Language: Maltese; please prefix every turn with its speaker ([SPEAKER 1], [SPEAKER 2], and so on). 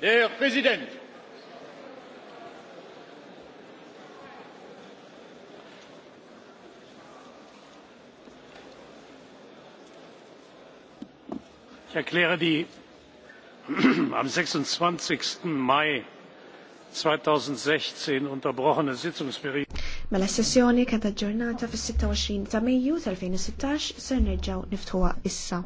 [SPEAKER 1] Der Präsident.
[SPEAKER 2] Ich erkläre die am
[SPEAKER 3] 26. Mai 2016 unterbrochene Sitzungsperiode.
[SPEAKER 4] Mela sessjoni kienet ġurnata fis-26 ta' Mejju tal-2016 ser
[SPEAKER 5] nerġgħu niftuha issa.